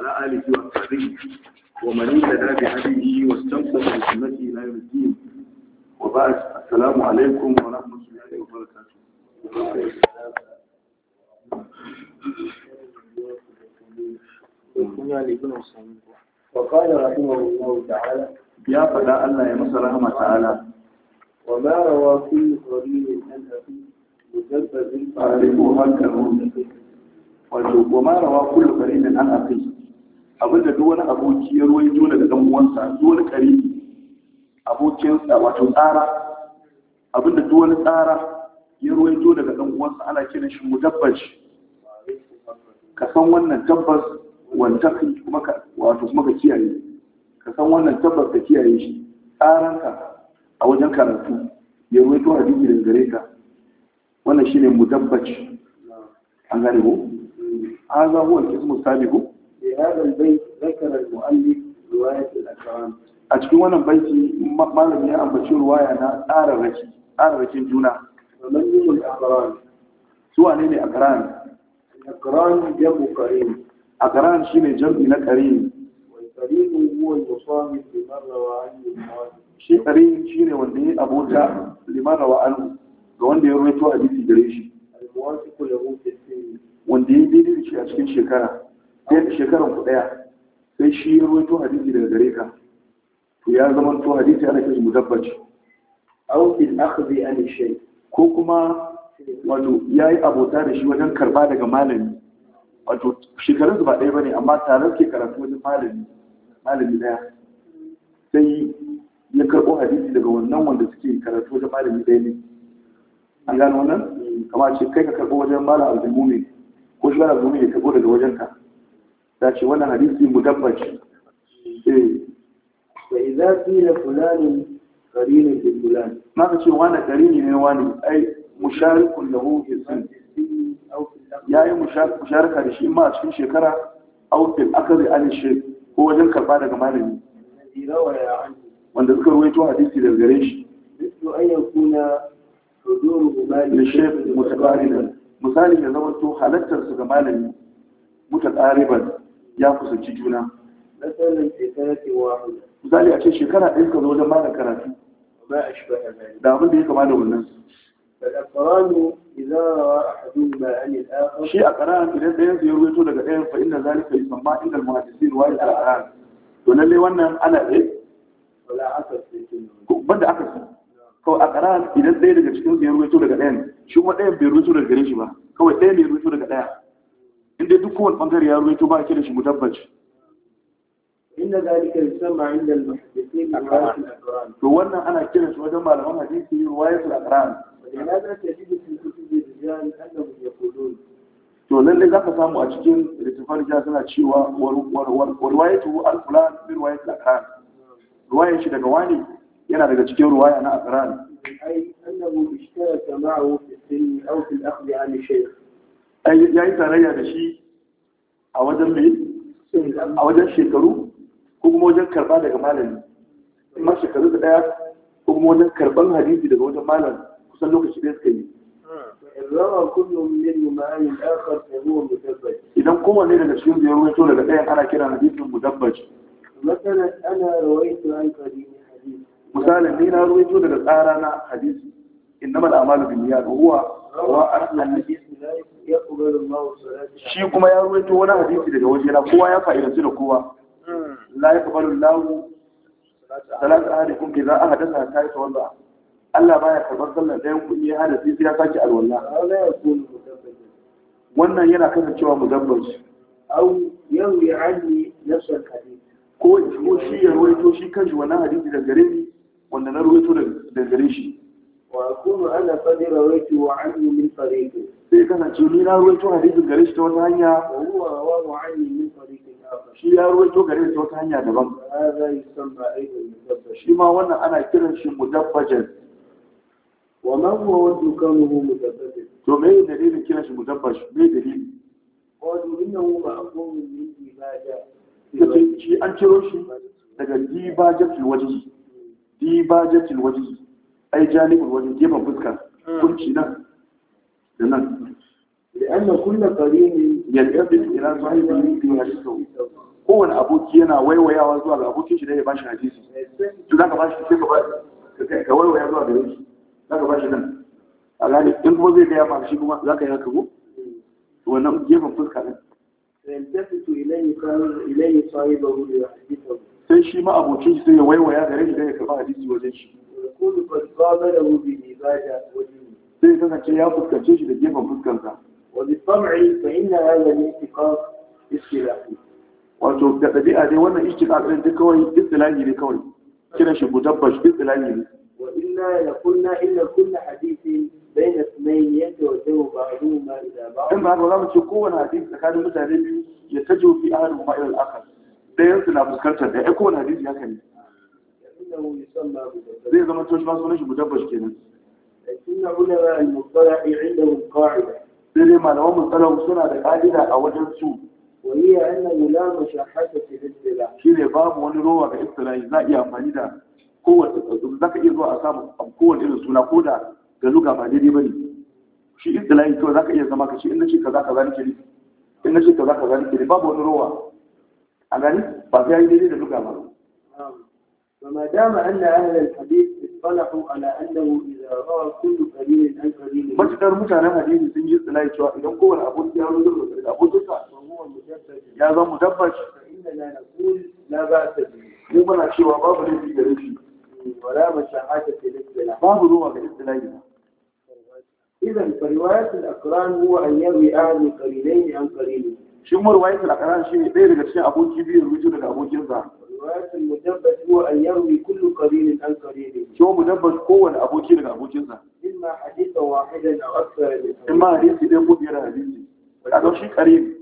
وعلى آله وأصحابه ومن اهتدى بهديه واستمسك بسنته إلى يوم الدين وبعد السلام عليكم ورحمة الله وبركاته وقال رحمه الله تعالى يا فلا الله يا مسا رحمه تعالى وما روى كل قليل عن أبي مجرد عارفه وما روى كل قرين عن أبي abin da duk wani aboki ya yi daga ɗan uwansa duk wani ƙari abokinsa wato tsara abin da duk wani tsara ya yi daga ɗan uwansa ana kiran shi mu shi. ka san wannan tabbas wanta kuma ka wato kuma ka kiyaye ka san wannan tabbas ka kiyaye shi tsaranka a wajen karatu ya ruwaito hadisi daga gare ka wannan shine shi. an gane ko hadha huwa al-ismu ko. Mai yanzu zai A cikin wannan bankin, malamiya ya amince ruwa ya na tsara rakin juna. Salon nuna ne a ƙarar. Su Wanene a ƙarar? A ƙarar na biya ƙoƙarin. A ƙarar ne jami'a na ƙarin. Wai ƙarimu kowanne su aiki da mararrawan ƙarimu? Shi tsari shine wanda ya bauta limanar wa'anu ga wanda ya rubuta abinci da rishi. Albuquerque yana da yawa a cikin ginin. Wanda ya bi shi a cikin shekara. sai shekaran ku daya sai shi ya ruwaito hadisi daga gare ka to ya zama to hadisi ana kishi mudabbaci aw in akhdhi an shay ko kuma wato yayi abota da shi wajen karba daga malami wato shekarun su ba ɗaya bane amma tare ke karatu wajen malami malami daya sai ya karɓo hadisi daga wannan wanda suke karatu wajen malami ɗaya ne an gano wannan mm. Kamar ce kai ka karbo wajen malam aljumumi ko shi malam aljumumi ya karɓo daga wajen ka ta ce wannan hadisi mudabbaci eh da idza da fulani karini da fulani ma ka ce wannan karini ne wani ai musharikun hu fi sun ya yi musharaka da shi ma a cikin shekara aw fil akadi an shi ko wajen karba daga malami wanda suka ruwaito hadisi daga gare shi misali ya zama to halattarsu ga malami muta ƙariban ya kusanci juna matsalar shekara misali a ce shekara ɗin suka zo wajen malam karatu da abin da ya kama da wannan الأقران إذا روى أحدهما عن الآخر شيء أقران إذا سينزل يرويته لك إيه فإن ذلك يسمى عند المهندسين وإلى الأقران ولله وانا أنا إيه ولا عكس aka عكس kawai a ƙarar idan ɗaya daga cikin ya ruwaito daga ɗayan shi kuma ɗayan bai ruwaito daga gare shi ba kawai ɗaya bai ruwaito daga ɗaya dai duk kowane bangare ya ruwaito ba ke da shi mudabbaci inda zalika yusamma inda al-muhaddithin to wannan ana kiran shi wajen malaman hadisi riwayatul aqran to lalle za ka samu a cikin littafin ja suna cewa warwayatu al-fulan bi riwayatul aqran Ruwaya shi daga wani yana daga cikin ruwaya na aqran ai annahu ishtaraka ma'ahu fi al-ilm aw fi al-akhdh 'an shaykh ai yayi tarayya da shi a wajen mai a wajen shekaru ko kuma wajen karba daga malami in ma shekaru da daya ko kuma wajen karban hadisi daga wajen malam kusan lokaci da suka yi idan kuma ne daga cikin biyar ruwaito daga ɗayan ana kira hadisin mudabbaj مثلا انا رويت عن daga tsara na hadisi innamal a'malu binniyat huwa wa aslan hadisi shi kuma ya ruwaito wani hadisi daga waje na kowa ya fa'idanci da kowa la ya kabalu lahu salatu a hada ahdatha ta wanda Allah baya karɓar sallar ɗayan kun ya hada sai ya sake alwala wannan yana kasancewa shi au yau ya ani na hadisi ko shi ya ruwaito shi kanshi wannan hadisi da gare ni wanda na ruwaito da gare shi wa kuma ana qad rawaitu wa anhu min tariqi sai kasance ni na ruwaito hadisin gare shi ta wata hanya shi ya ruwaito gare shi ta wata hanya daban shi ma wannan ana kiran shi mudabbajan wa man huwa wadu kanuhu mudabbajan to me dalilin kiran shi mudabbash me dalili wadu innahu ma'qum min ibaja shi an ciro shi daga dibajatul wajhi dibajatul wajhi ai janibul wajhi gefen fuska hmm. kunci nan da nan لأن كل قرين ينتبه إلى صاحبه في حديثه kowane aboki yana waiwayawa zuwa ga abokin shi da ya bashi hadisi to zaka bashi sai ka ka waiwaya zuwa gare shi zaka bashi nan a gani in kuma zai gaya maka shi kuma zaka yi haka ko wannan gefen fuska ne sai shi ma abokin shi sai ya waiwaya gare shi da ya karba hadisi wajen shi kullu qad qala lahu bi ibada wajen sai kasance ya fuskance shi da gefen fuskarsa wani sam'i fa inna hadha min istiqaq istilahi wato da dabi'a dai wannan istiqaq din duk kawai istilahi ne kawai kira shi mutabbash istilahi ne wa inna la kunna illa kull hadithin bayna ithnayn yatawajjahu ba'dhuma ila ba'd in ba za mu ce kowane hadisi tsakanin mutane biyu ya tajo fi ahadin ma ila al-akhar dayan su na fuskantar da ya kowane hadisi haka ne zai zama to shi ma sunan shi mutabbash kenan إن علماء المصطلح عندهم قاعدة سيدي ما لهم سنة قاعدة أو وجه سوء وهي أنه لا مشاحة في الاصطلاح شيء باب ونروى بالاصطلاح لا يأمني ده قوة ذاك إذا أسام قوة الإنسان قوة ga luga ba daidai bane shi istilahi kawai zaka iya zama ka shi in nace kaza kaza nake nufi in nace kaza kaza nake nufi babu wani rowa a gani ba sai yayi دام أن أهل الحديث اطلعوا على انه اذا راى كل قليل عن قليل متكر mutanen حديث sun yi tsilai cewa idan kowane abun ya rubuta da abun duka ya zama mudabbaci inda la naqul la ba'sa bi mu bana cewa babu rufi da rufi wala mashahata fi al-istilah babu ruwa ga istilahi idan riwayat al-aqran huwa an yarwi ahli qalilayn an qalil Shin mu riwayat al-aqran shi ne ɗaya daga cikin abokin biyu rubuta daga abokinsa Cewa mudabbat kowane aboki daga abokinsa. In ma hadisi ɗaya ko biyar hadisi. A ga shi ƙarin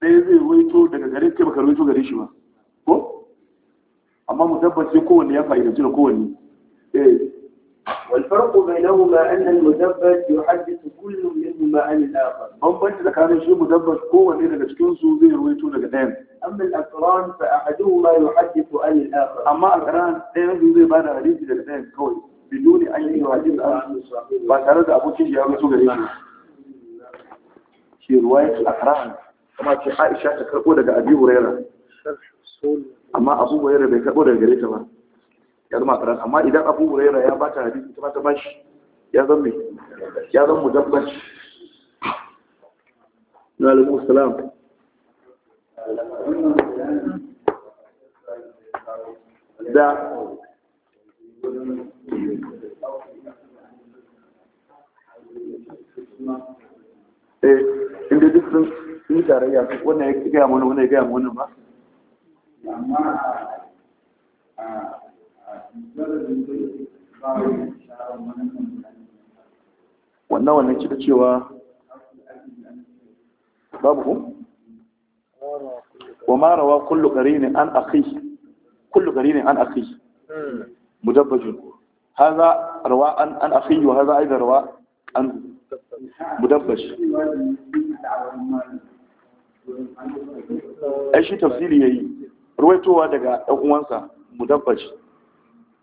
Sai zai ruwaito daga gare kai baka ruwaito gare shi ba. Ko? Amma mudabbat sai kowanne ya fa'idanci da kowanne. Eh. والفرق بينهما أن المدبر يحدث كل منهما عن الآخر بمبنش ده كان شيء مدبر قوة إلى جسكنسو زي رويتو قدام أما الأقران فأحدهما يحدث عن الآخر أما الأقران ده يجب زي بانا غريب حديث قدام كوي بدون أن يحدث عن الآخر بس بعد أبو تيجي أبو تيجي في رواية الأقران أما في عائشة تكرقوا لقى أبي هريرة أما أبو هريرة بيكرقوا لقى جريتها ya zama karan amma idan abu huraira ya bata hadisi ta ta bashi ya zama ya zama mudabbar na alaikum salam da eh inda duk sun yi tarayya wannan ya gaya mana wannan ya gaya mana ba amma wannan wannan kika cewa babu ku wa ma rawa kullu qarinin an akhi kullu qarinin an akhi mudabbajun haza rawa an an akhi wa haza aidan rawa an mudabbaj ai shi tafsiri yayi ruwaitowa daga ɗan uwansa mudabbaji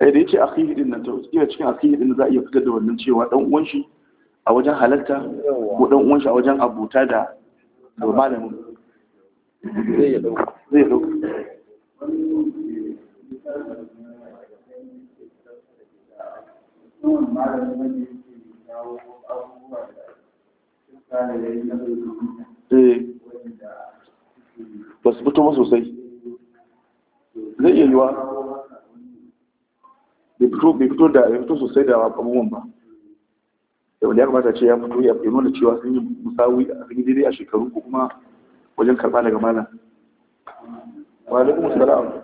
eh da yace akwai hidin nan to iya cikin akwai hidin za a iya fitar da wannan cewa dan uwan shi a wajen halarta ko dan uwan shi a wajen abuta da malamin zai ya dauka zai dauka eh ba su fito ba sosai zai iya yiwa bai fito da ya fito sosai da abubuwan ba da wanda ya kamata ce ya fito ya da cewa sun yi musawi a sun yi daidai a shekaru ko kuma wajen karɓa daga malam wa alaikum salam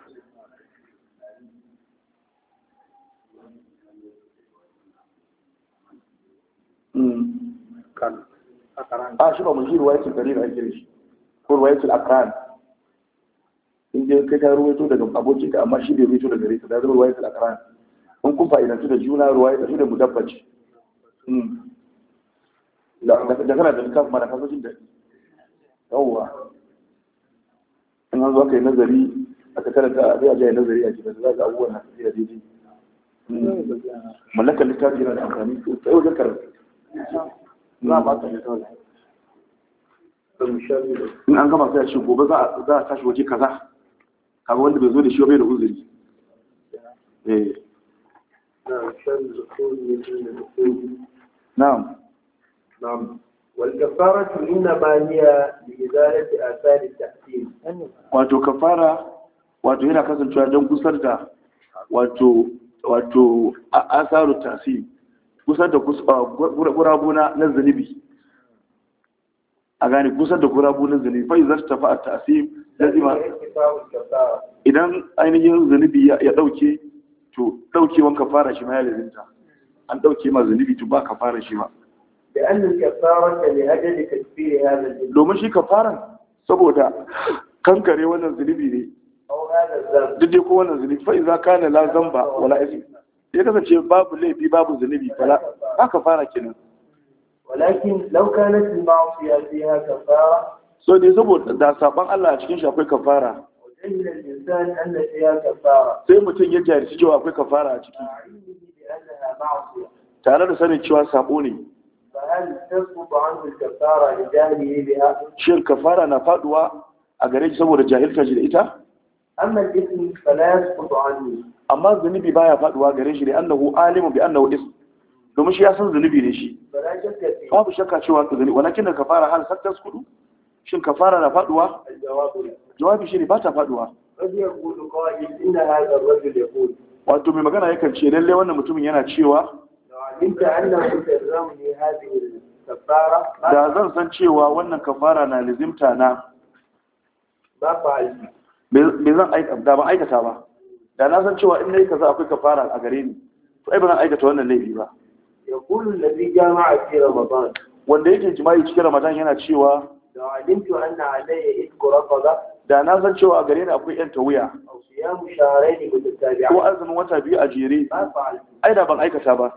hmm. a shi ba mun shi ruwa ce gari da ake da shi ko akran in kai ka ruwaito daga abokinka amma shi bai ruwaito daga gare ka da zama ruwayatul akran in kun fa'idantu da juna ruwayatu da mudabbaci hmm. da kana da kan mara kasashin da yawwa in an zo aka yi nazari aka karanta zai aje nazari a cikin za ga abubuwan na tafiya daidai hmm. mallakar littafi yana da amfani sosai wajen karatu za a ba ta littafi in an gama sai a ce gobe za a tashi waje kaza kaga wanda bai zo da shi bai da uzuri eh. na'am na'am والكفارة إنما هي لإزالة آثار التحسين wato kafara wato yana kasancewa don gusar da wato wato asaru tasiri gusar da gurabuna na zunubi a gane kusa da kura bunin zunubi fai izar tafi a ta'asim lazima idan ainihin zunubi ya dauke to dauke wanka fara shi ma ya lazimta an dauke ma zunubi to ba fara shi ma da domin shi fara? saboda kankare wannan zunubi ne duk dai ko wannan zunubi fa idza kana la zamba wala ism ya kasance babu laifi babu zunubi fala haka fara kenan walakin law kanat al-ma'siyah fiha so dai saboda da sabon Allah a cikin shi akwai kafara sai mutum ya jarisi cewa akwai kafara a ciki tare da sanin cewa sabo ne shin kafara na faduwa a gare shi saboda jahilta shi da ita amma zunubi baya faduwa gare shi da annahu alimu bi annahu ism domin shi ya san zunubi ne shi babu shakka cewa ka zunubi walakin da fara hal sattas kudu shin ka fara na faduwa jawabi shi ne ba ta faduwa wato mai magana ya kance lalle wannan mutumin yana cewa da zan san cewa wannan kafara na lizimta na me zan aikata da ban aikata ba da na san cewa in na yi kaza akwai kafara a gare ni to ai ba zan aikata wannan laifi ba يقول الذي جامع في Ramadan. wanda yake jima'i cikin Ramadan yana cewa da alimtu anna alayya da na san cewa a gare ni akwai yan tawuya. mutatabi'a ko azumin wata biyu a jere ai da ban aikata ba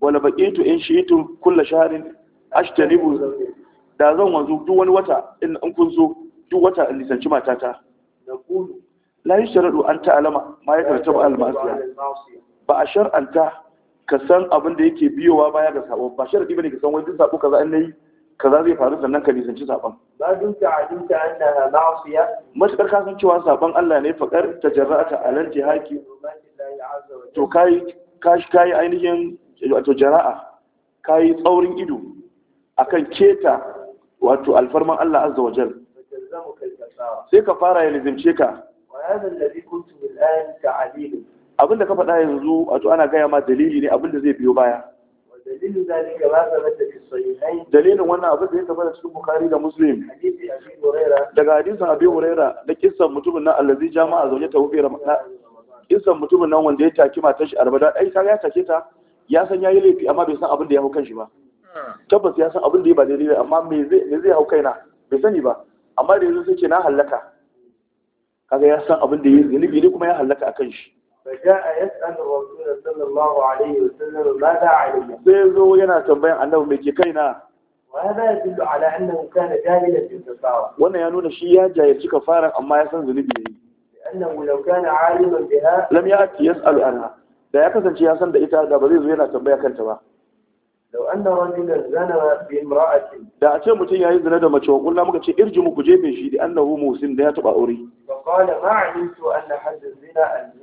wala baqitu in shi'tu kull shahrin ashtanibu da zan wanzu duk wani wata in kun zo duk wata in lisanci matata la yushradu an ta'lama ma yatattabu al-ma'siyah ba a shar'anta ka san abin da yake biyowa baya ga sabo ba sharadi bane ka san wani duk sabo kaza an nayi kaza zai faru sannan ka nisanci sabon. saban ka dunka adunka annaha ma'siya matakar ka san cewa sabon Allah ne fakar tajarra'ata alal jihaki to kai kashi kai ainihin wato jara'a kai tsaurin ido akan keta wato alfarman Allah azza wa jal sai ka fara ya nizimce ka wa hadha alladhi kuntum al'an ta'dilun abin da ka faɗa yanzu a to ana gaya ma dalili ne abin da zai biyo baya dalilin wannan abin da ya tafi da cikin bukari da muslim daga hadisin abi huraira da kisan mutumin nan allazi jama'a zaune ta wufe kisan mutumin nan wanda ya taki matar shi da ai ta ya take ta ya san yayi laifi amma bai san abin da ya hau kan shi ba tabbas ya san abin da ya ba daidai ba amma me zai hau kaina bai sani ba amma da yanzu sai ce na hallaka kaga ya san abin da ya zunubi ne kuma ya hallaka kan shi فجاء يسأل الرسول صلى الله عليه وسلم ماذا علي سيزو ينا تنبين أنه ميكي كينا وهذا يدل على أنه كان جاهلا في الكفارة وانا يانون شيئا جاهل في كفارة أما يسن ذنبه لأنه لو كان عالما بها لم يأتي يسأل عنها da ya kasance ya san da ita da ba zai zo yana tambaya kanta ba da a ce mutum ya yi zina da mace wa kulla muka ce irji mu ku jefe shi da annahu musin da ya taba aure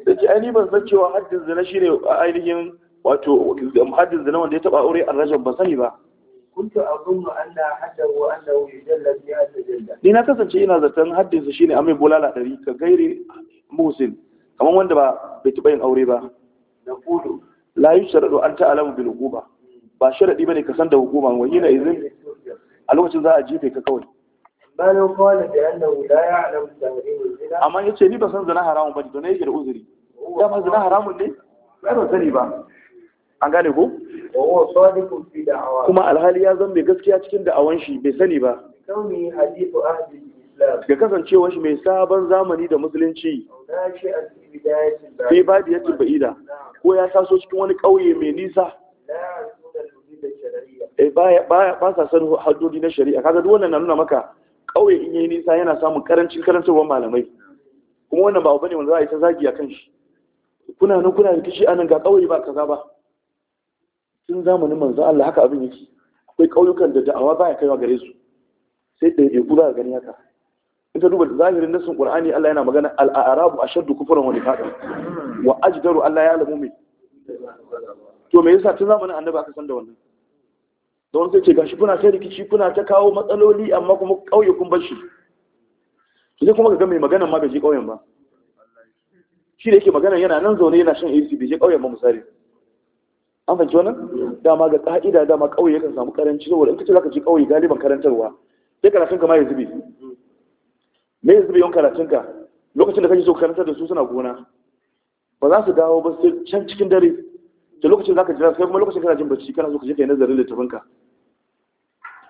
da ce ainihin ban san cewa haddin zina shi ne ainihin wato haddin zina wanda ya taba aure a rajar sani ba ni na kasance ina zaton haddinsa shine amai bulala ɗari ka gairi musin kamar wanda ba bai yin aure ba la yi sharaɗo an ta'alamu bil ba. ba sharaɗi ba ne ka san da hukuma wani na izin a lokacin za a jefe ka kawai bayan kwana da yana wula ya alam tarihin zina amma ya ce ni ba san zina haramun ba ne don yake da uzuri ma zina haramun ne ba ban sani ba an gane ko kuma alhali ya zan mai gaskiya cikin da'awan shi bai sani ba ga kasancewa shi mai sabon zamani da musulunci sai ba da yacin ba'ida ko ya taso cikin wani ƙauye mai nisa ba sa san haddodi na shari'a kaga duk wannan na nuna maka kauye in yi nisa yana samun karancin karantarwar malamai kuma wannan ba bane wanda za a yi ta zagi a kan shi kuna nan kuna rikici anan ga kauye ba kaza ba tun zamanin manzo Allah haka abin yake akwai kauyukan da da'awa ya kaiwa gare su sai da yake kula gani haka in ta duba zahirin nasin qur'ani Allah yana magana al-arabu ashaddu kufran wa nifaqa wa ajdaru Allah ya alamu me to me yasa tun zamanin annabi aka san da wannan da wani zai ce gashi kuna ta rikici kuna ta kawo matsaloli amma kuma ƙauye kun bar shi shi zai kuma ka ga mai magana ma bai je ƙauyen ba shi da yake magana yana nan zaune yana shan AC bai je ƙauyen ba misali an fahimci wannan dama ga ka'ida dama ƙauye yakan samu karanci saboda in kace zaka je ƙauye galiban karantarwa sai karatun ka ma ya zube me ya zube yawan karatun ka lokacin da kake so karantar da su suna gona ba za su dawo ba sai can cikin dare da lokacin zaka jira sai kuma lokacin kana jin bacci kana so ka je kai nazarin littafin ka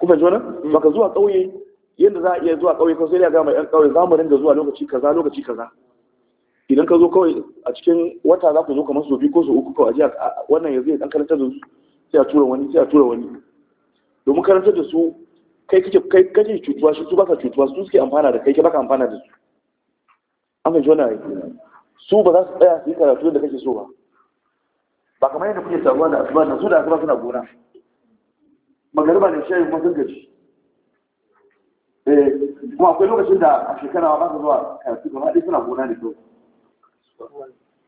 kuma jona mm. baka zuwa ƙauye yadda za a iya zuwa ƙauye kawai sai ya ga mai ƴan ƙauye za mu ringa zuwa lokaci kaza lokaci kaza idan ka zo kawai a cikin wata za ku zo kamar su biyu ko su uku kawai ajiya wannan yanzu ya dan karanta da su sai a tura wani sai a tura wani domin karantar da su kai kake kai kake cutuwa shi su baka cutuwa su suke amfana da kai ke baka amfana da su an fahimci wannan yake. su ba za su tsaya su yi karatu da kake so ba ba kamar yadda kuke taruwa da asuba da su da asuba suna gona magariba ne shayin kuma sun gaji eh, kuma akwai lokacin da a shekara ba su zuwa karatu ba haɗe suna gona ne kyau.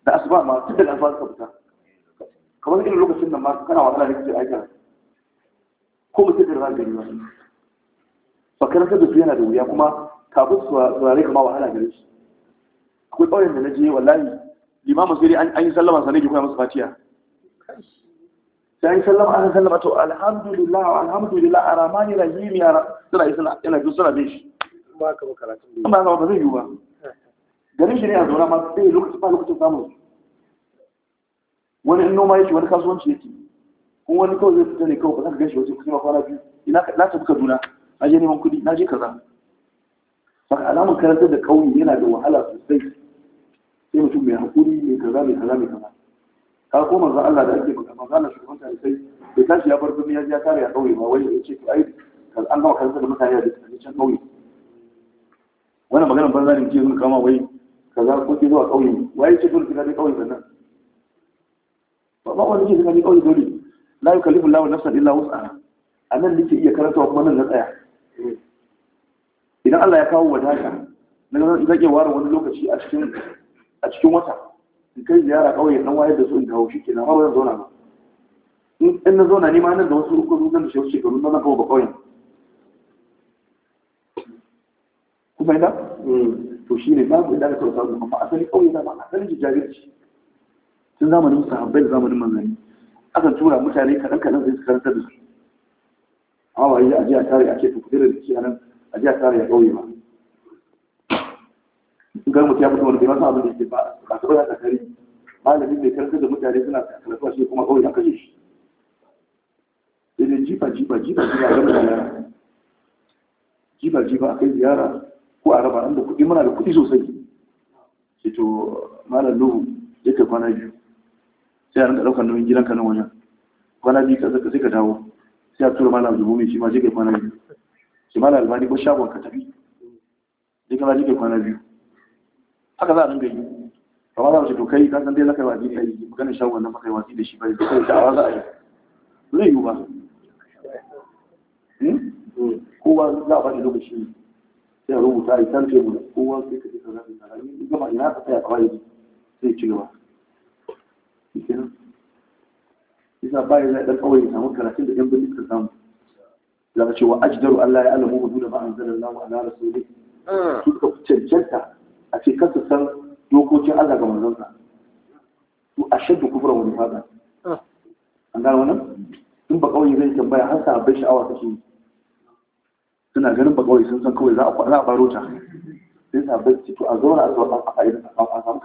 da asuba ma tun da asuba suka fita kamar irin lokacin da masu kana wahala ne kake aikata ko mutum da zan gani ba makarantar da su yana da wuya kuma kafin su turare kama wahala gare shi akwai ƙauyen da na je wallahi limamin sai dai an yi sallama sanai ke koya musu fatiya sai sallama aka sallama to alhamdulillah alhamdulillah arhamani rahim ya ba ka ba ba ba zai yi ba garin shi ne a zaura ma sai lokacin ba lokacin wani in noma yake wani kasuwanci yake kuma wani kawai zai fita ne kawai ba za ka gan shi wajen kwana biyu ina na tafi kaduna na je neman kuɗi na je kaza alamun karantar da ƙauye yana da wahala sosai sai mutum mai haƙuri mai kaza mai kaza mai kaza ka ko manzo Allah da ake magana manzo Allah shugaban ta sai bai tashi ya bar duniya ya kare ya kauye ba wai ya ce to ai kan an gama kansa da mutane da suke can kauye wannan maganar ban ne ke zuwa kama wai kaza ko ke zuwa kauye wai ce dole kika je kauye sannan ba ba wani ke kika je kauye dole la yukallifu Allahu nafsan illa wus'aha anan nake iya karantawa kuma nan na tsaya idan Allah ya kawo wadata na zan iya ware wani lokaci a cikin a cikin wata in kai ziyara kauye dan wayar da su in dawo shikenan har wayar zauna ba in na zauna ni ma nan da wasu uku zuwan da shi wuce garin nan kawo ba kauyen ku fahimta to shi ne babu idan aka rasa zuwa asali kauye da ba asalin jajirci tun zamanin sahabbai da zamanin manzanni akan tura mutane kaɗan kaɗan sai su karanta da su amma ba yi a je a tare a ce to kudin da ke a nan a je a tare ya kauye ba Kar ga mutum ya fito wani bai masa abin da yake ba ba ta baya kakari Malamin mai karanta da mutane suna karatuwa shi kuma kawai ya kashe shi sai jifa jifa jifa jifa a gaba ziyara jifa jifa a kai ziyara ko a raba an da kuɗi muna da kuɗi sosai sai to malam nuhu ya kai kwana biyu sai a rinka ɗaukar nauyin gidanka nan wajen kwana biyu ka zaka sai ka dawo sai a tura malam dubu mai shi ma je kai kwana biyu shi malam albani ko shagon ka tafi je ka ma je kai kwana biyu haka za a dinga yi kama za a ce to kai ka san dai za ka yi wa addini aiki maganin shagon nan baka yi wa da shi ba kai da'awa za a yi zai yiwu ba hmm? kowa za a ba shi lokaci sai a rubuta a kan tebula kowa sai ka ce ka zaɓi na rami in gama ina ka tsaya kawai sai ci gaba isa bayan zai ɗan kawai ya samu karatun da ɗan birnin ka samu za ka ce wa ajdaru Allah ya alamu hudu da ma'anzalar lamu ala rasulai ah. su ka cancanta a ce kasu san dokokin Allah ga manzansa to a shaddu kufura wani fada ah. an gano wannan in ba kawai zai tambaya har sa bai sha'awa take suna ganin ba kawai sun san kawai za a za a baro ta sai sa bai ci to a zauna a ba a yi a samu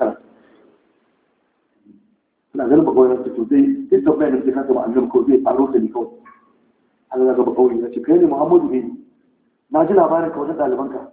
suna ganin ba kawai zai to zai duk tambaya da zai kasa ba annabi kawai zai baro ta ne kawai Allah ga ba kawai ya ce kai ne Muhammadu ne na ji labarin ka wajen ɗalibanka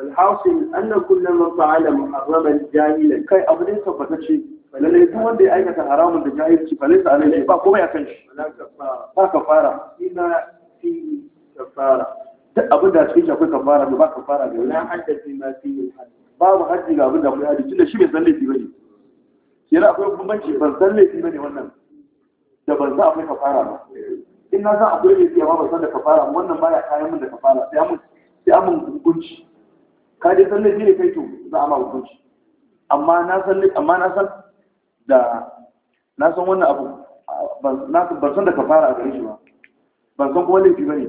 Alhasil anna kullum man fa'ala muharraman jahilan kai abu ne tabbata ce balalai duk wanda ya aikata haramun da jahilci balalai alai ba komai akan shi ba kafara ina fi kafara duk abin da cikin akwai kafara ba kafara da wani haddace ma fi babu haddi ga abin akwai haddi tunda shi bai san laifi bane yana akwai bambanci ban san laifi bane wannan da ban san akwai kafara ba in na akwai laifi amma ban san da kafara wannan baya kayan min da kafara sai amun sai hukunci ka je san laifi ne kai to za a ma hukunci amma na san amma na san da na san wannan abu ban san da ka fara a gare shi ba ban san kuma laifi bane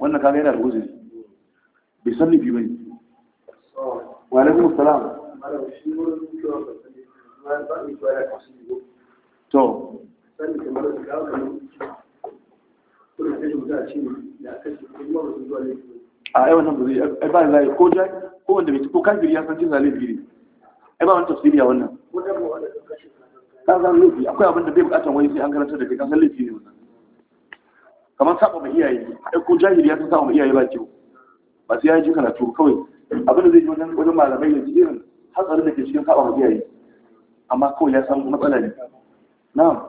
wannan kaga yana da uzuri bai san laifi bane wa alaikum assalam to sani a yau nan ba zai ai ko ja ko wanda bai ko kafiri ya san cin zalibi ne ai ba wani tafsiri a wannan ka zan laifi akwai abin da bai bukatar wani sai an karanta da kai ka san laifi ne wannan kamar saba ma iyaye ai ko jahili ya san saba mai iyaye ba kyau ba sai ya ji karatu kawai abin da zai ji wajen wajen malamai ya ji irin hatsarin da ke cikin saba ma iyaye amma kawai ya san matsala ne na'am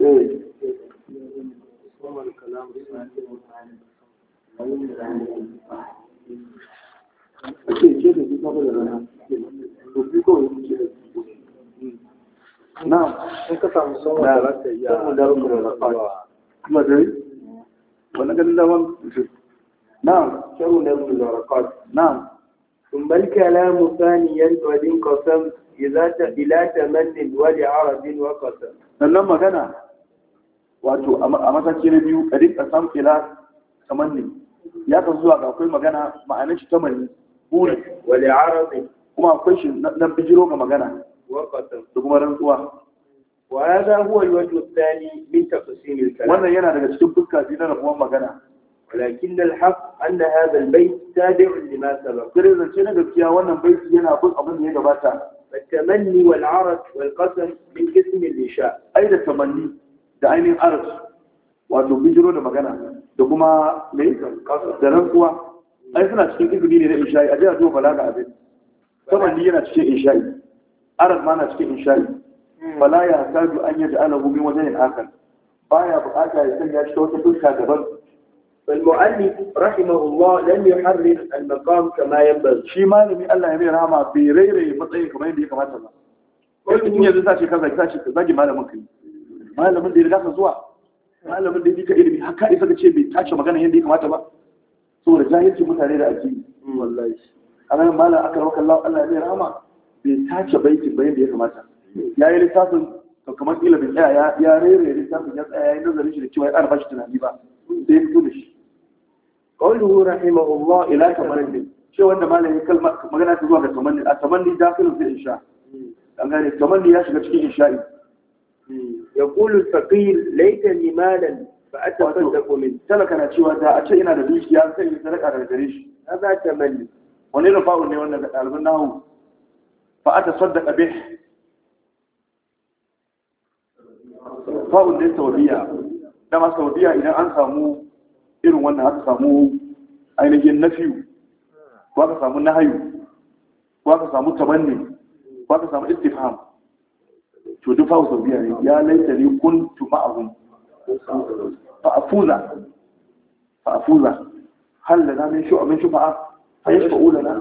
Yeah. نعم نعم نعم نعم نعم نعم نعم نعم نعم نعم نعم نعم نعم نعم نعم نعم نعم نعم نعم ثم الكلام ثانيا نعم نعم إذا إلى نعم نعم وقسم لما كان wato a mataki na biyu a ƙasan fila kamar ne ya kan zuwa ga akwai magana ma'anar shi ta mani buri wale arabi kuma akwai shi na bijiro ga magana da kuma rantsuwa wa ya za huwa yi wajen tsani min tafsirin wannan yana daga cikin fuska biyu na rabuwar magana ولكن الحق أن هذا البيت تابع لما سبق كريزا شنو بكيا وانا بيت ينا بس أظن هي جبتها التمني والعرج والقسم من قسم الإشاء أين التمني da ainihin arz wato bijiro da magana da kuma mai da rantsuwa ai suna cikin izini ne na insha'i a jiya zuwa Bala ga abin saman ni yana cikin insha'i arz ma na cikin insha'i bala ya hasaju an yaji ana gumi wajen yin akan baya bukata ya sanya shi ta wata fuska daban فالمؤلف رحمه الله لم يحرر المقام كما ينبغي شي malami Allah ya mai rama bai rairaye matsayin kamar yadda ya kamata ba ko in yanzu sace kaza sace kaza ki malamin kai malamin da ya riga zuwa malamin da ya bika ilimi haka isa ka ce bai tace magana yadda ya kamata ba saboda jahilci mutane da addini mm, wallahi anan malam aka rauka Allah Allah ya rahama bai tace baitin ba yadda ya kamata ya yi littafin kamar kila bai tsaya ya rere littafin ya tsaya ya yi nazarin shi da cewa ya ƙara bashi tunani ba sai ya fito da shi qawluhu rahimahullah ila tamanni shi wanda malam ya kalma magana ta zuwa ga tamanni a tamanni dakhilun fil insha mm. an gane tamanni ya shiga cikin insha'i ya kulu saƙil laita limalan ba a tafar da kumin talaka cewa da ce ina da dukiya sai yi sadaka daga gare shi na za ta wani irin fa'ul ne wannan ga ɗalibin nahu fa a tafar da ƙabe fa'ul ne saudiya dama saudiya idan an samu irin wannan aka samu ainihin nafiyu ko aka samu nahayu ko aka samu tabanni ko aka samu istifham to duk fawo sau biya ne ya laita kuntu kun tu ma'ahun fa'afuza fa'afuza hal da na min shu min shufa'a fa yashfa'u lana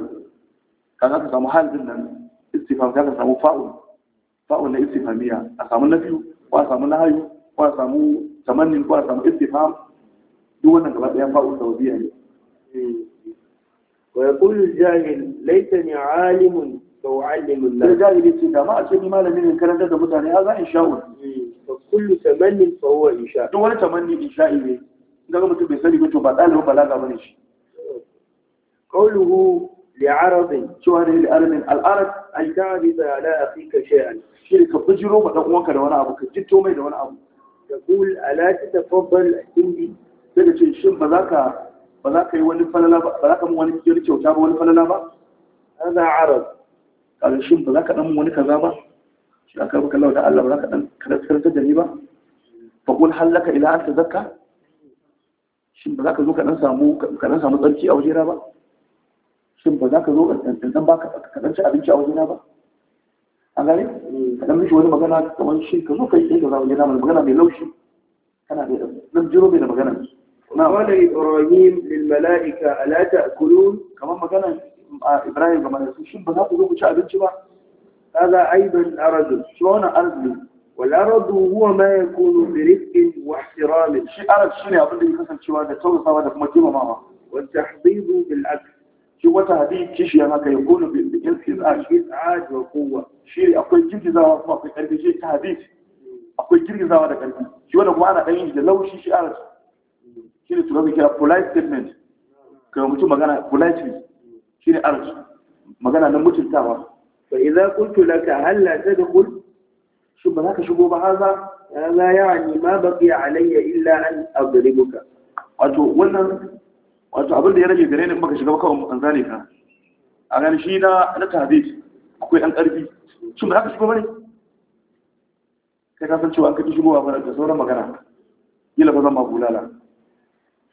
kaga ka samu hal din nan istifham ka samu fa'u, fa'u na istifhamiya a samu nafiyu ko a samu nahayu ko a samu tamannin ko a samu istifham duk wannan gaba ɗaya fa'ul sau biya ne ويقول الجاهل ليتني alimun sai ya ce dama a ce ni malami ne karantar da mutane a za in sha'u eh, fa kullu tamannin fa huwa sha. duk wani tamanni insha'i ne daga mutum bai sani ba to ba ɗalibin balaga ne shi qawluhu li'aradin cewa ne li'aradin al'arad an da ala a akhika shay'an shi ka bujiro ma ɗan uwanka da wani abu ka jitto mai da wani abu kul تقول ألا تتفضل عندي daga ce shin ba za ka ba za ka yi wani falala ba ba za ka mu wani jirki kyauta ba wani falala ba hada arab kaga shin ba za ka dan wani kaza ba shi aka baka Allah da Allah ba za ka ɗan karantar da ni ba fa qul hal laka ila an tazakka shin ba za ka zo ka dan samu ka tsarki a wajena ba shin ba za ka zo dan baka ka dan ci abinci a wajena ba an gane ka dan mishi wani magana kamar shi ka zo kai kai ka zama wajena magana mai laushi kana da dan jiro bai da magana na wala ibrahim lil malaika ala ta'kulun kamar magana ibrahim game da su shin ba za ku zo ku ci abinci ba kaza aiban aradu shi wannan aradu wal aradu huwa ma yakunu bi rizqin wa ihtiram shi arad shine abin da ke kasancewa da tausasawa da kuma jimamawa wa tahdidu bil akl shi wata hadisi kishi yana kai yakunu bi rizqin a shi sa'ad wa quwwa shi akwai girgizawa kuma akwai karfi shi ta hadisi akwai girgizawa da karfi shi wanda kuma ana ɗanyin da laushi shi arad shi ne tunanin kira polite statement Kai mutum magana politely شيني أرج مقالة نموت التاوى فإذا قلت لك هل لا تدخل شو بناك شو هذا لا يعني ما بقي علي إلا أن أضربك قلتوا ولا قلتوا أبدا يا رجل قرين إمك شكبك وأنزانك أغاني شينا لك هديت أكوي أن أربي شو بناك شو بناك كيف أفن شو أنك تشبه أبنى الجسورة مقالة يلا بضم أبو لالا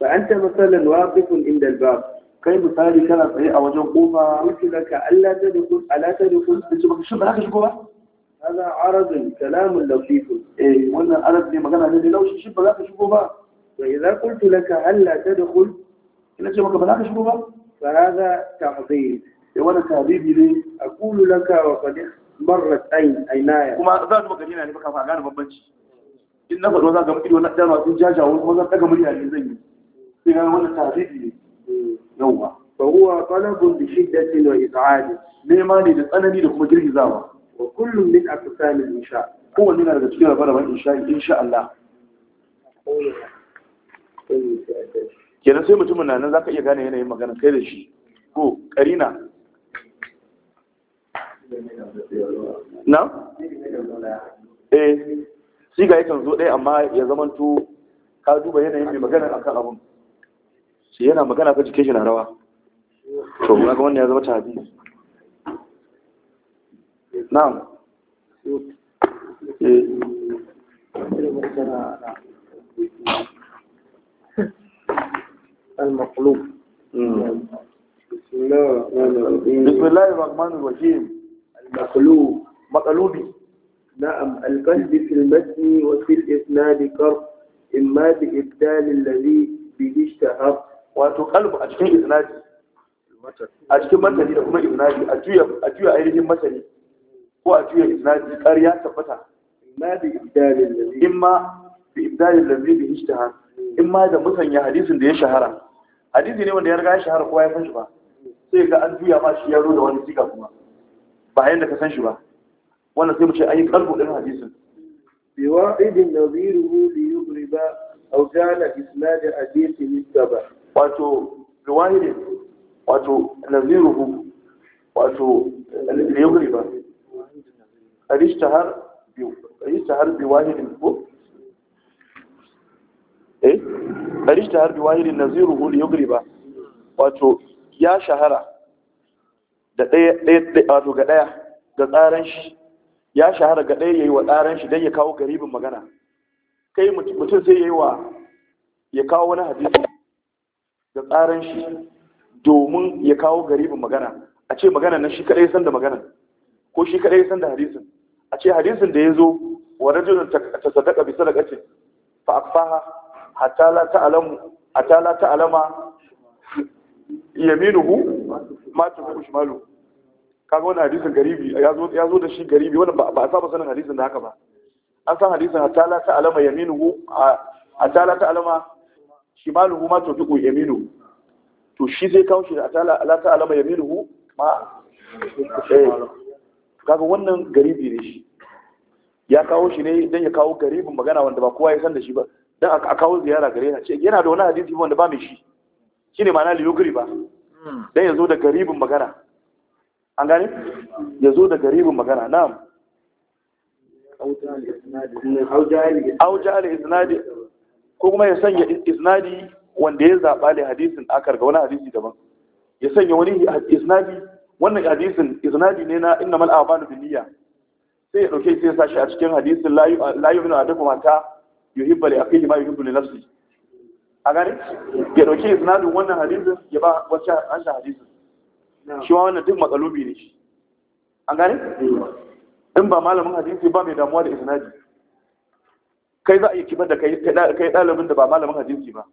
فأنت مثلا واقف عند الباب kai misali kana tsaye a wajen kofa wuce da ka Allah ta da kun ala ta da kun da baka shin ba ka shigo ba hada aradun kalamun lafifu eh wannan arad ne magana ne da laushi shin ba za ka shigo ba wa idza qultu laka alla tadkhul ina ce maka ba za ka shigo ba fa hada ta'dhib eh wannan ta'dibi ne aqulu laka wa qad marrat ayn aynaya kuma zan maka dina ne baka fa gane bambanci in na faɗo za ka ga ido na dama sun jajawo kuma zan daga murya ne zan yi sai ga wannan ta'dibi ne yawa fa huwa talabun bi da wa iz'ali nema ne da tsanani da kuma girgizawa wa kullum min a al-insha kowanne na daga cikin rabar raben insha insha Allah kenan sai mutumin na nan zaka iya gane yanayin magana kai da shi ko karina na? eh siga yakan zo ɗaya amma ya zamanto ka duba yanayin mai magana akan abun shi yana magana fa jikin shi na rawa to ga wannan ya zama tabi بسم الله الرحمن الرحيم المقلوب مقلوبي نعم القلب في المتن وفي الإسناد كرب إما بإبدال الذي به اشتهر wato kalbu a cikin isnadi a cikin matani da kuma isnadi a juya a juya ainihin matani ko a juya isnadi ƙarya tabbata ma bi ibdalin ladhi imma bi ibdalin ladhi bi ijtihad imma da musanya hadisin da ya shahara hadisi ne wanda ya riga ya shahara kowa ya san shi ba sai ga an juya ma shi yaro da wani siga kuma ba yanda ka san shi ba wannan sai mu ce an yi kalbu din hadisin bi wa'idin nadhiruhu li yughriba aw kana isnad hadisi mustaba wato riwayi wato naziruhu wato liyuri ba har bi wahidin ko eh har bi wahidin naziruhu liyuri ba wato ya shahara da ɗaya wato ga ɗaya ga tsaran shi ya shahara ga ɗaya yayi wa tsaran shi don ya kawo garibin magana kai mutum sai yayi wa ya kawo wani hadisi da tsaran shi domin ya kawo garibin magana a ce magana na shi kadai san da magana ko shi kadai san da hadisin a ce hadisin da ya zo wa rajulun tasaddaqa bi sadaqatin fa akfaha hatta la ta'lamu hatta la ta'lama yaminuhu ma tufu shimalu kaga wannan hadisin garibi ya zo ya zo da shi garibi wannan ba a saba sanin hadisin da haka ba an san hadisin hatta la ta'lama yaminuhu hatta la ta'lama shimaluhu ma tunfiqu yaminu to shi zai kawo shi da la ta'lama yaminuhu ma eh. kaga wannan garibi ne shi ya kawo shi ne dan ya kawo garibin magana wanda ba kowa ya san da shi ba dan a kawo ziyara gare na ce yana da wani hadisi wanda ba mai shi shine ma'ana liyogri ba hmm. dan ya zo da garibin magana an gane ya zo da garibin magana na'am auja al isnadi ko kuma ya sanya isnadi wanda ya zaɓa da hadisin a ga wani hadisi daban ya sanya wani isnadi wannan hadisin isnadi ne na inna mal abanu bin niyya sai ya ɗauke sai ya sashi a cikin hadisin la yu'minu ahadukum hatta yuhibba li akhihi ma yuhibbu li nafsi. a gani ya ɗauke isnadin wannan hadisin ya ba wacce an sha hadisin shi ma wannan duk matsalobi ne shi A gani in ba malamin hadisi ba mai damuwa da isnadi kai za a yi kima da kai ɗalibin da ba malamin hadisi ba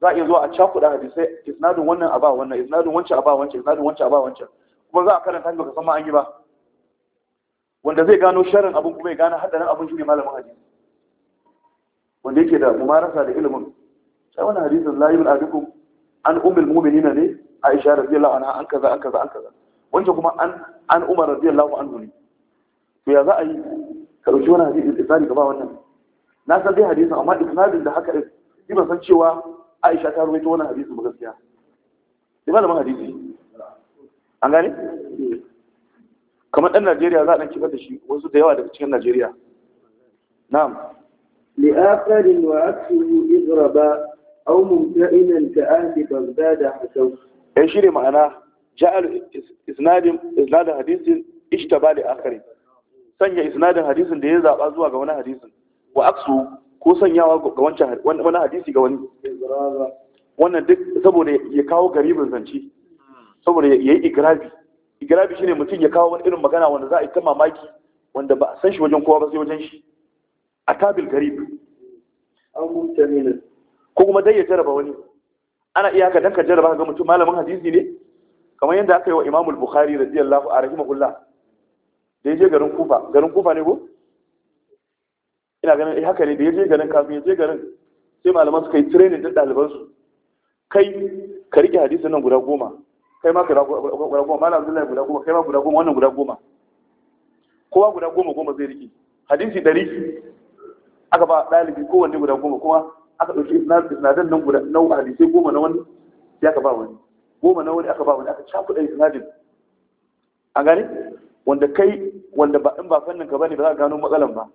za a iya zuwa a cakuɗa hadisai isnadin wannan a ba wannan isnadin wancan a ba wancan isnadin wancan a ba wancan kuma za a karanta shi baka san ma an yi ba wanda zai gano sharin abin kuma ya gano haɗarin abin shi ne malamin hadisi wanda yake da mumarasa da ilimin sai wannan hadisin la yubal adukum an ummul mu'minina ne Aisha radiyallahu anha an kaza an kaza an kaza wancan kuma an an Umar radiyallahu anhu ne to ya za a yi ka ɗauki wannan hadisi da tsari gaba wannan na san dai hadisin amma isnadin da haka din ba san cewa Aisha ta rubuta wannan hadisi ba gaskiya sai malamin hadisi an gane kamar ɗan Najeriya za a ɗan kifar da shi wasu da yawa daga cikin Najeriya na'am li'aqarin wa aksuhu igraba aw mumta'inan ka ahli baghdad hasaw eh shine ma'ana ja'al isnadin isnadin hadisin ishtaba li akharin sanya isnadin hadisin da ya zaba zuwa ga wani hadisin wa aksu ko sanyawa ga wani hadisi ga wani wannan duk saboda ya kawo garibin zance saboda ya yi igra'bi shi shine mutum ya kawo wani irin magana wanda za a yi ta mamaki wanda ba a san shi wajen kowa ba sai wajen shi a tabil garib ko kuma dai ya jaraba wani ana iya ka danka jaraba ga mutum malamin hadisi ne kamar yadda aka yi wa imamul bukhari radiyallahu anhu rahimahullah da ya je garin Kufa garin Kufa ne ko ina ganin eh haka ne da yaje garin kafin yaje garin sai malaman suka yi training da ɗaliban su kai ka rike hadisin nan guda goma kai ma guda goma malam abdullahi guda goma kai ma guda goma wannan guda goma kowa guda goma goma zai rike hadisi ɗari aka ba ɗalibi kowanne guda goma kuma aka ɗauki isnadan nan guda na hadisai goma na wani sai aka ba wani goma na wani aka ba wani aka cakuɗa sinadin a gani wanda kai wanda ba in ba fannin ka bane ba za ka gano matsalan ba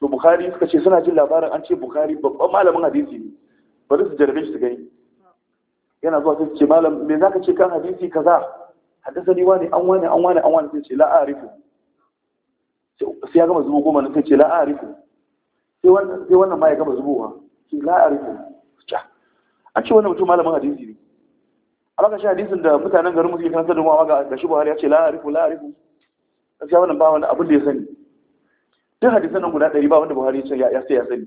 to bukhari suka ce suna jin labarin an ce bukhari babban malamin hadisi ne bari su jarabe shi su gani yana zuwa sai ce malam me zaka ce kan hadisi kaza haddasani wani an wani an wani an wani sai ce la arifu sai ya gama zubo goma sai ce la arifu sai wannan sai wannan ma ya gama zubowa sai la arifu an ce wannan mutum malamin hadisi ne a baka shi hadisin da mutanen garin musu ke kansa da ga shi Buhari ya ce la arifu la arifu gaskiya wannan ba wani abin da ya sani duk hadisan nan guda ɗari ba wanda buhari ya ya sai ya sani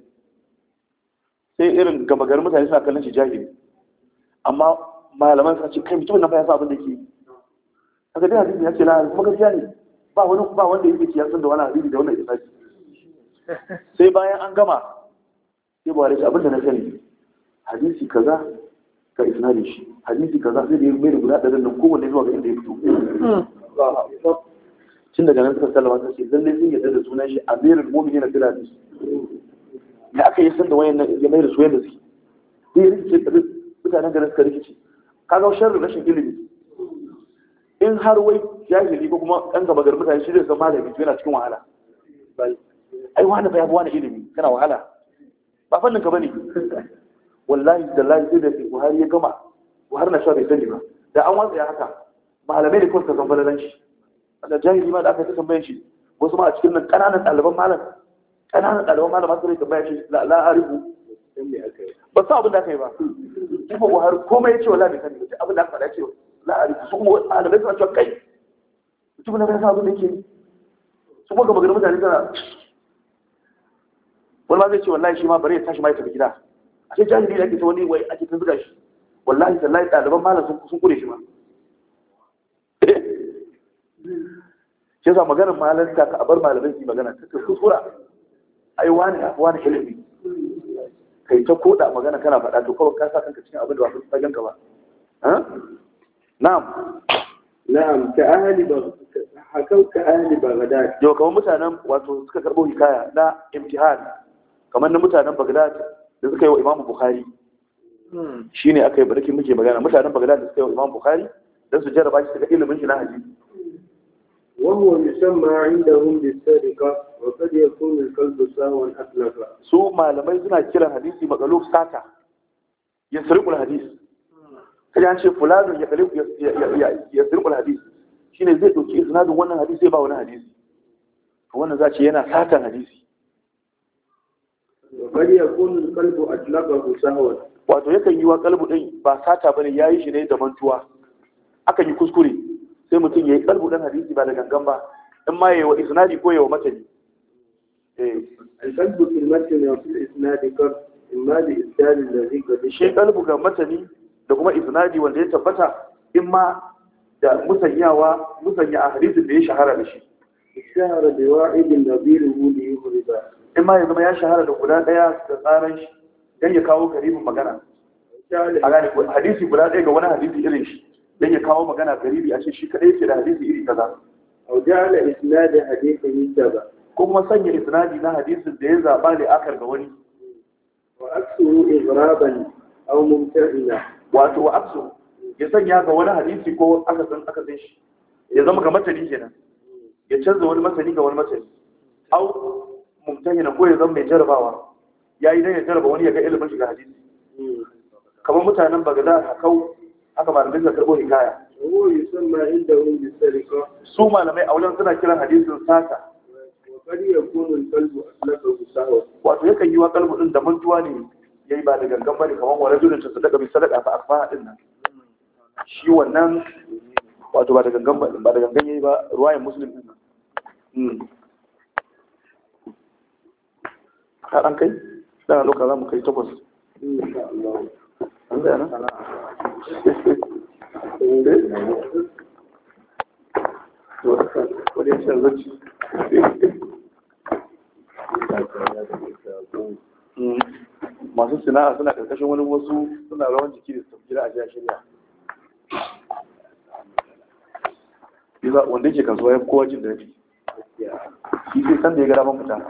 sai irin gaba garin mutane suna kallon shi jahili amma malaman sa ce kai mutum na fa ya sa abin da ke Haka duk hadisan ya ce la kuma gaskiya ne ba wani ba wanda yake kiyar san da wani hadisi da wannan isaki sai bayan an gama sai buhari ce abin da na sani hadisi kaza ka isnadin shi hadisi kaza sai da ya mai da guda ɗarin nan kowanne zuwa ga inda ya fito hmm. tun daga nan suka sallama ta ce lallai sun yadda da sunan shi amirul mu'minin fil hadis da aka yi sanda wayannan ya mai da su yanda suke sai rikice mutanen garin suka rikice kaga sharri rashin ilimi in har wai jahili ko kuma ɗan gaba garin mutane shi zai san da to yana cikin wahala ai wani ya yafi wani ilimi kana wahala ba fannin ka bane wallahi da lahi sai da Buhari ya gama Buhari na sha bai sani ba da an watsa ya haka malamai da kawai zan san da jahili ma da aka yi tambayar shi wasu ma a cikin nan ƙananan ɗaliban malam ƙananan ɗaliban malam masu rai tambayar shi la'aribu ba sa abin da aka yi ba kuma har komai ya ce wala bai kan ba abin da aka faɗa ce la'aribu su kuma ɗalibai suna cewa kai mutum na bai sa abin da yake su kuma ga magana mutane kana wani ma zai ce wallahi shi ma bare ya tashi mai ya tafi gida a ce jahili da ake ta wani wai ake ta zuga shi wallahi tallahi ɗaliban malam sun kure shi ma ya za maganar malarta ka abar malamai yi magana ta kuskura yi wani ya wani Ka yi ta koda magana kana faɗa to kawai ka sa kanka cikin abin da ba su fagen ka ba na'am na'am ka ahli ba hakan ka ga bagdad yau kamar mutanen wato suka karbo hikaya na imtihan kamar na mutanen bagdad da suka yi wa imamu bukhari hmm. shine aka yi barkin muke magana mutanen bagdad da suka yi wa imamu bukhari dan su jarraba shi daga ilimin shi na hadisi وهو يسمى عندهم بالسرقة وقد يكون الكلب ساوا أطلقا سو ما لما يزنا كلا حديثي مقلوب ساتا يسرق الحديث kaji an ce Fulani ya kalif ya sirku hadis shine zai dauki isnadin wannan hadisi ba wani hadisi to wannan za ce yana satan hadisi bari ya kun kalbu atlaqahu sahwan wato yakan yi wa kalbu din ba sata bane yayi shi ne da mantuwa akan yi kuskure sai mutum ya yi kalbu ɗan hadisi ba da gangan ba in ma yi wa isnadi ko wa matani القلب في المتن وفي da kuma isnadi wanda ya tabbata in ma da musanyawa musanya a hadisin da ya shahara da shi shahara da wa'idin da biruhu da kuri ba in ma ya zama ya shahara da guda daya da tsarin shi don ya kawo karibin magana a gane hadisi guda daya ga wani hadisi irin shi dan ya kawo magana garibi a ce shi kadai yake da hadisi iri kaza aw ja'ala isnad hadithin ba. kuma sanya isnadi na hadisin da ya zaba ne akar ga wani wa aksuru igraban aw ina. wato wa aksu ya sanya ga wani hadisi ko aka san aka san shi ya zama ga matani kenan ya canza wani masani ga wani matani aw mumtahina ko ya zama mai jarabawa yayi dan ya jaraba wani ya ga ilimin shi ga hadisi hmm. kamar mutanen a hakau haka malamai da karɓo hikaya su malamai a wajen suna kiran hadisin sata wato yakan yi wa kalbu din da mantuwa ne ya yi ba da gangan bane kamar wa rajulun ta sadaka bi sadaka a fara din nan shi wannan wato ba da gangan ba da gangan yayi ba ruwayan muslim din nan hmm. ka dan kai dan lokacin za mu kai takwas insha Allah masu sana'a suna karkashin wani wasu suna rawan jiki da su a jiya shirya wanda yake kasuwa ya kowa jin daji shi sai san da ya gara man fita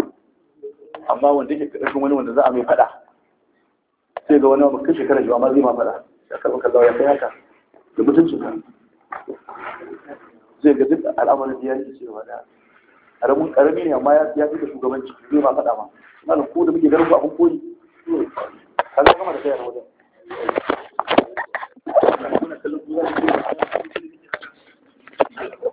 amma wanda yake karkashin wani wanda za a mai fada sai ga wani wanda kai shekarar shi amma zai ma fada ya karɓi kallawa ya kai haka da mutuncin ka zai ga duk al'amarin da ya yi ce gaba daya karami ne amma ya fi da shugabanci zai ma faɗa ma malam ko da muke ganin ku abin koyi ka zama kama da kai a wajen Thank